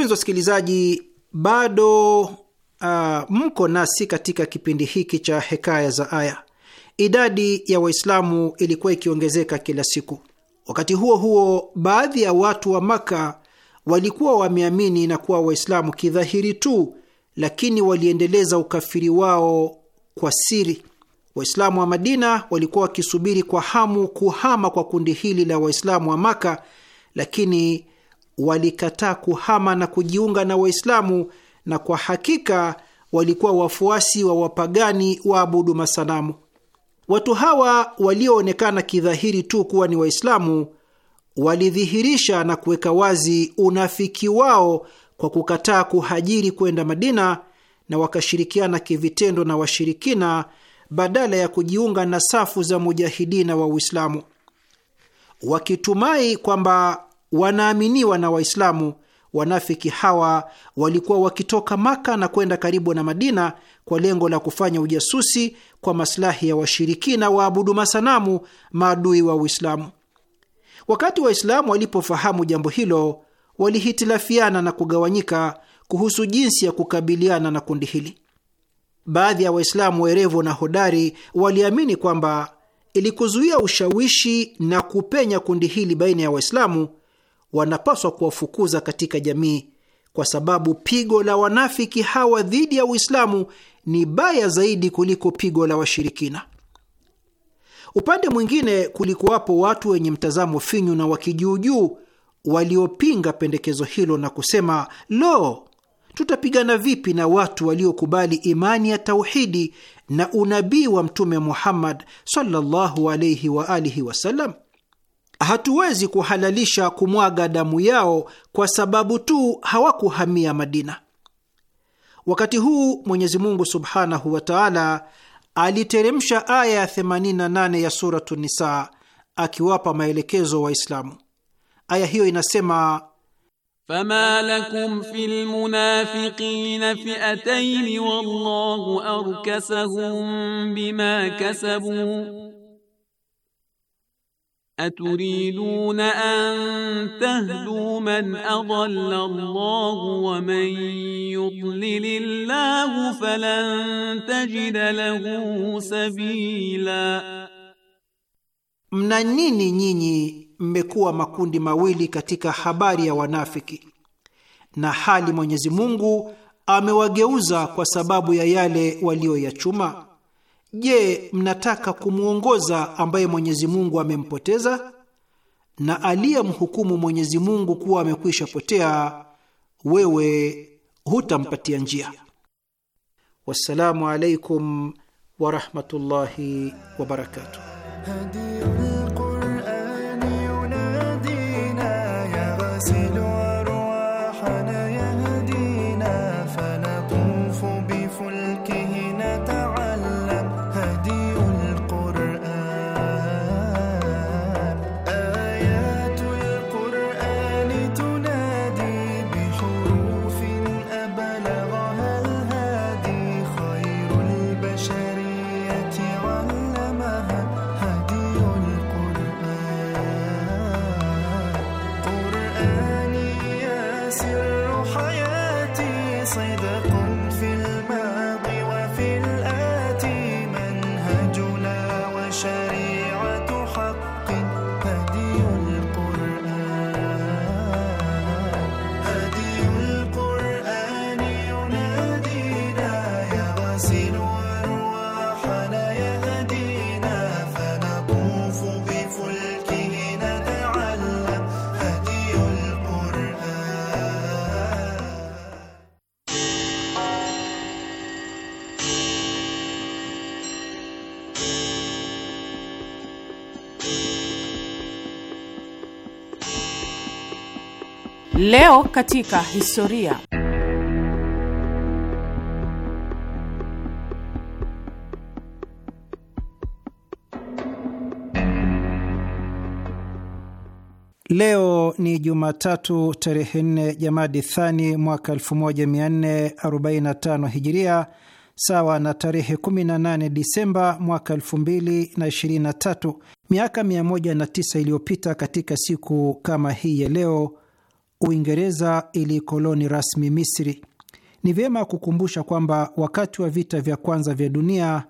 Wapenzi wasikilizaji, bado uh, mko nasi katika kipindi hiki cha Hekaya za Aya. Idadi ya Waislamu ilikuwa ikiongezeka kila siku. Wakati huo huo, baadhi ya watu wa Maka walikuwa wameamini na kuwa Waislamu kidhahiri tu, lakini waliendeleza ukafiri wao kwa siri. Waislamu wa Madina walikuwa wakisubiri kwa hamu kuhama kwa kundi hili la Waislamu wa Maka, lakini walikataa kuhama na kujiunga na Waislamu, na kwa hakika walikuwa wafuasi wa wapagani waabudu masanamu. Watu hawa walioonekana kidhahiri tu kuwa ni Waislamu walidhihirisha na kuweka wazi unafiki wao kwa kukataa kuhajiri kwenda Madina na wakashirikiana kivitendo na washirikina badala ya kujiunga na safu za mujahidina wa Uislamu, wakitumai kwamba wanaaminiwa na Waislamu. Wanafiki hawa walikuwa wakitoka Maka na kwenda karibu na Madina kwa lengo la kufanya ujasusi kwa maslahi ya washirikina waabudu masanamu, maadui wa Uislamu. Wakati Waislamu walipofahamu jambo hilo, walihitilafiana na kugawanyika kuhusu jinsi ya kukabiliana na kundi hili. Baadhi ya Waislamu werevu na hodari waliamini kwamba ili kuzuia ushawishi na kupenya kundi hili baina ya Waislamu, wanapaswa kuwafukuza katika jamii, kwa sababu pigo la wanafiki hawa dhidi ya Uislamu ni baya zaidi kuliko pigo la washirikina. Upande mwingine, kulikuwapo watu wenye mtazamo finyu na wakijuujuu waliopinga pendekezo hilo na kusema, lo, tutapigana vipi na watu waliokubali imani ya tauhidi na unabii wa Mtume Muhammad sallallahu alaihi wa alihi wasallam? hatuwezi kuhalalisha kumwaga damu yao kwa sababu tu hawakuhamia Madina. Wakati huu Mwenyezi Mungu subhanahu wa taala aliteremsha aya ya 88 ya Suratu Nisa akiwapa maelekezo Waislamu. Aya hiyo inasema Fama lakum fil munafiqina fi'atayn wallahu arkasahum bima kasabu Aturidun an tahdu man adalla Allahu wa man yudlilillahu falan tajida lahu sabila, mna nini nyinyi mmekuwa makundi mawili katika habari ya wanafiki, na hali Mwenyezi Mungu amewageuza kwa sababu ya yale waliyoyachuma. Je, mnataka kumwongoza ambaye Mwenyezi Mungu amempoteza na aliyemhukumu Mwenyezi Mungu kuwa amekwisha potea, wewe hutampatia njia. Wassalamu alaikum warahmatullahi wabarakatuh. Leo katika historia. Leo ni Jumatatu tarehe nne Jamadi Thani mwaka 1445 Hijiria, sawa na tarehe 18 Disemba mwaka 2023. Miaka 109 iliyopita katika siku kama hii ya leo Uingereza ilikoloni rasmi Misri. Ni vyema kukumbusha kwamba wakati wa vita vya kwanza vya dunia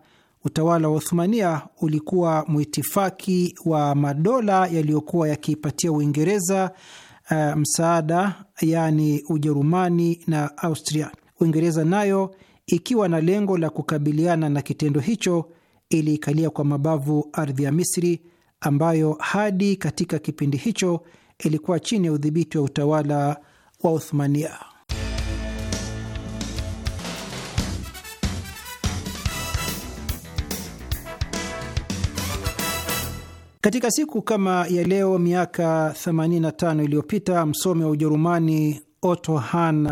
utawala wa Uthmania ulikuwa mwitifaki wa madola yaliyokuwa yakiipatia Uingereza uh, msaada, yaani Ujerumani na Austria. Uingereza nayo ikiwa na lengo la kukabiliana na kitendo hicho iliikalia kwa mabavu ardhi ya Misri ambayo hadi katika kipindi hicho ilikuwa chini ya udhibiti wa utawala wa Uthmania. Katika siku kama ya leo miaka 85 iliyopita msomi wa Ujerumani Otto Hahn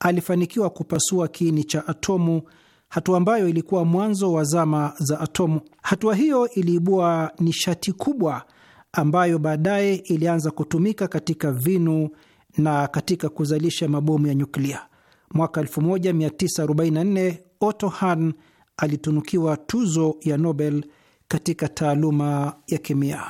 alifanikiwa kupasua kiini cha atomu, hatua ambayo ilikuwa mwanzo wa zama za atomu. Hatua hiyo iliibua nishati kubwa ambayo baadaye ilianza kutumika katika vinu na katika kuzalisha mabomu ya nyuklia. Mwaka 1944 Otto Hahn alitunukiwa tuzo ya Nobel katika taaluma ya kemia.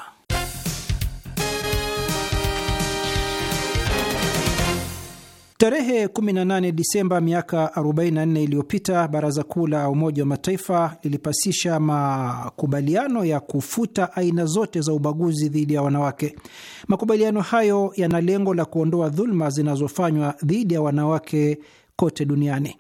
Tarehe 18 Disemba miaka 44 iliyopita Baraza Kuu la Umoja wa Mataifa lilipasisha makubaliano ya kufuta aina zote za ubaguzi dhidi ya wanawake. Makubaliano hayo yana lengo la kuondoa dhuluma zinazofanywa dhidi ya wanawake kote duniani.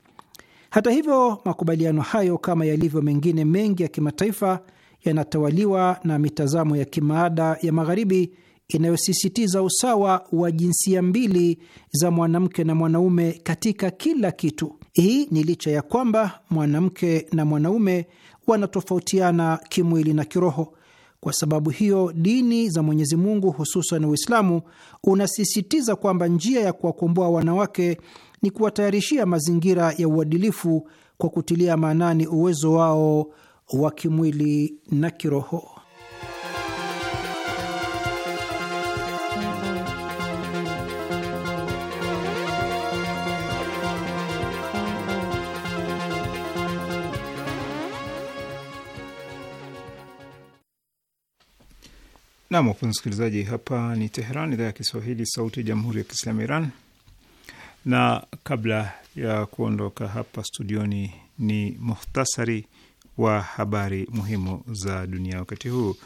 Hata hivyo, makubaliano hayo kama yalivyo mengine mengi ya kimataifa yanatawaliwa na mitazamo ya kimaada ya Magharibi inayosisitiza usawa wa jinsia mbili za mwanamke na mwanaume katika kila kitu. Hii ni licha ya kwamba mwanamke na mwanaume wanatofautiana kimwili na kiroho. Kwa sababu hiyo, dini za Mwenyezi Mungu, hususan Uislamu, unasisitiza kwamba njia ya kuwakomboa wanawake ni kuwatayarishia mazingira ya uadilifu kwa kutilia maanani uwezo wao wa kimwili na kiroho. Nam, wapenzi msikilizaji, hapa ni Teheran, idhaa ya Kiswahili, sauti ya jamhuri ya kiislamu Iran. Na kabla ya kuondoka hapa studioni, ni muhtasari wa habari muhimu za dunia wakati huu.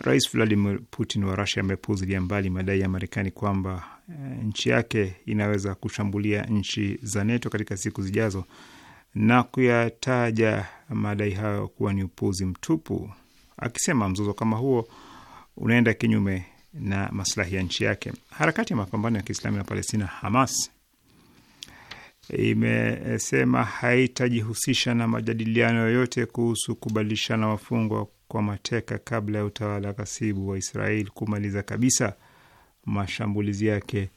Rais Vladimir Putin wa Rusia amepuzilia mbali madai ya Marekani kwamba eh, nchi yake inaweza kushambulia nchi za NATO katika siku zijazo na kuyataja madai hayo kuwa ni upuzi mtupu, akisema mzozo kama huo unaenda kinyume na maslahi ya nchi yake. Harakati ya mapambano ya Kiislamu ya Palestina, Hamas, imesema haitajihusisha na majadiliano yoyote kuhusu kubadilishana wafungwa kwa mateka kabla ya utawala kasibu wa Israeli kumaliza kabisa mashambulizi yake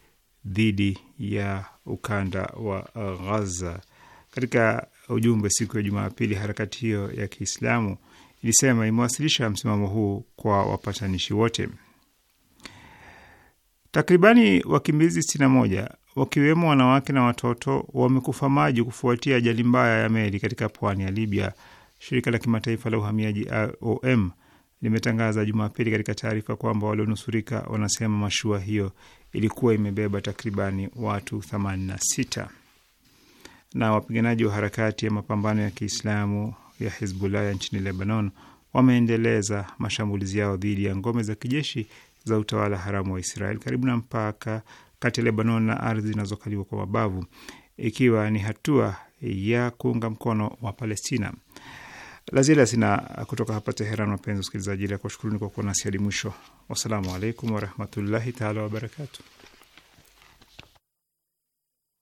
dhidi ya ukanda wa uh, Ghaza. Katika ujumbe siku ya Jumapili, harakati hiyo ya Kiislamu ilisema imewasilisha msimamo huu kwa wapatanishi wote. Takribani wakimbizi 61 wakiwemo wanawake na watoto wamekufa maji kufuatia ajali mbaya ya meli katika pwani ya Libya. Shirika la kimataifa la uhamiaji IOM limetangaza Jumapili katika taarifa kwamba walionusurika wanasema mashua hiyo ilikuwa imebeba takribani watu 86. Na wapiganaji wa harakati ya mapambano ya Kiislamu ya Hizbullah ya nchini Lebanon wameendeleza mashambulizi yao dhidi ya ngome za kijeshi za utawala haramu wa Israel karibu na mpaka kati ya Lebanon na ardhi zinazokaliwa kwa mabavu, ikiwa ni hatua ya kuunga mkono wa Palestina. La ziada sina kutoka hapa Teheran, wapenzi wasikilizaji, ila kuwashukuruni kwa kuwa nasi hadi mwisho. Wassalamu alaikum warahmatullahi taala wabarakatu